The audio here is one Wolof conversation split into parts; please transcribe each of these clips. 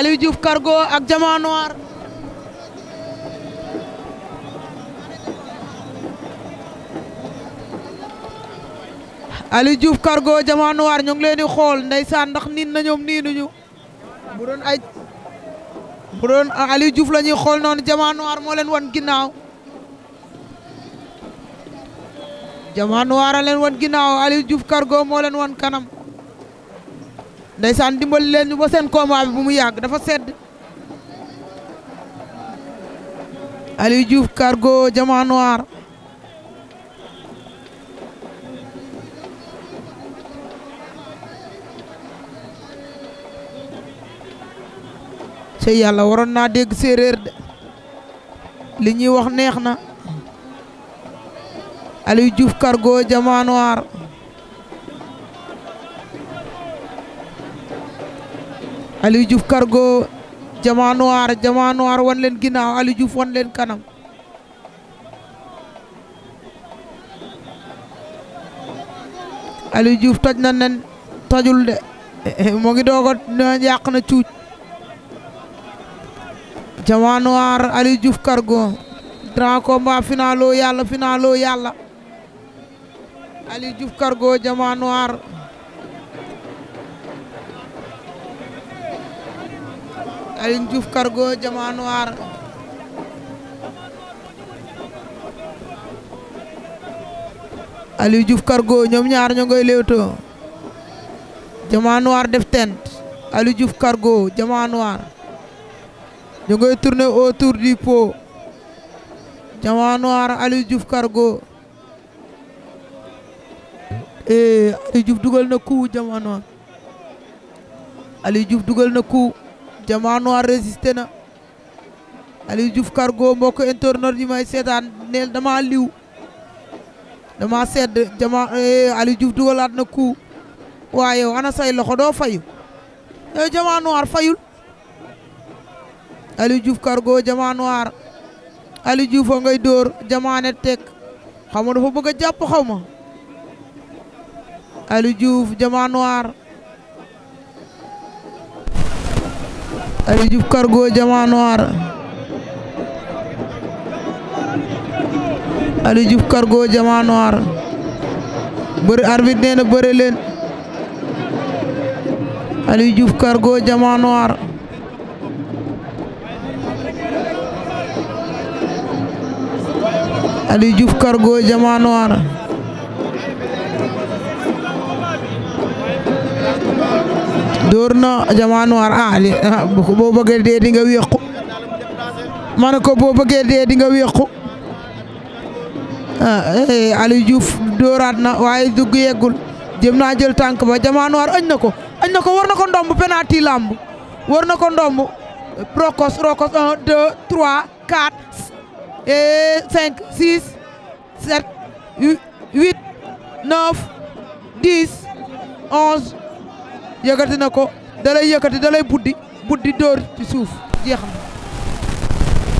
Aliou Diouf kargo ak Diamant Noir Aliou Diouf Cargo Diamant Noir ñu leen di xool ndeysaan ndax niin na ñoom niinuñu bu doon ay bu doon Aliou Diouf xool noon Diamant Noir moo leen wan ginnaaw Diamant Noir a leen wan ginnaaw Aliou Diouf Cargo moo leen wan kanam ndeysaan dimbali leen ñu ba seen combat bi bu mu yàgg dafa sedd Aliou Diouf Cargo Diamant Noir ci yàlla waroon naa dégg séeréer de li ñuy wax neex na Aliou Diouf Cargo Diamant Noir Aliou kargo Cargo Diamant Noir Diamant Noir wan leen ginnaaw Aliou wan leen kanam Aliou Diouf toj na nen tojul de eh, eh, moo ngi doog a yàq na cuuc Diamant Noir Aliou Diouf Cargo yàlla finalo yàlla Aliou Diouf Cargo Aline Diouf Cargo Diamant Noir Aliou Cargo ñoom ñaar ñoo ngay léewtoo Diamant Noir def tent Aliou Diouf Cargo Diamant Noir ñoo ngay tourner autour du pot Diamant Noir Aliou Cargo eh Aliou Diouf dugal na ku Diamant Noir Aliou dugal na coup Diamant Noir résisté na Aliou Diouf Cargo mbokk internet yi may seetaan neel dama liw dama sedd Diamant eh, Aliou Diouf dugalaat na coup waaye yow say loxo doo fayu yow eh, Diamant Noir fayul ali Diouf Cargo Diamant Noir Aliou Diouf a ngay dóor Diamant ne teg xaw ma dafa bëgg a jàpp xaw ma Aliou Diouf Noir Aliou Diouf Cargo Diamant Noir Aliou Diouf Cargo Diamant Noir bëri leen Aliou Diouf Cargo Diamant Noir Aliou Diouf Cargo dóor na jamaa noir ah li boo bëggee dee di nga wéqu ne ko boo bëggee dee dinga nga wéqu ah, eh, Aliou dóoraat na waaye dugg yeggul jëm naa jël tànk ba jamaa noir añ na ko añ na ko war na ko ndomb penalty lamb wër na ko ndomb rokos rokos un deux trois quatre et eh, cinq six sept huit neuf dix onze yëkkati na ko dalay yëkkati dalay buddi buddi dóor ci suuf jeex na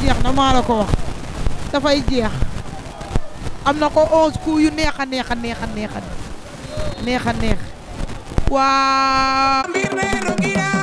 jeex na maa la ko wax dafay jeex am na ko onze coups yu neex a neex a neex a neex neex a neex waaw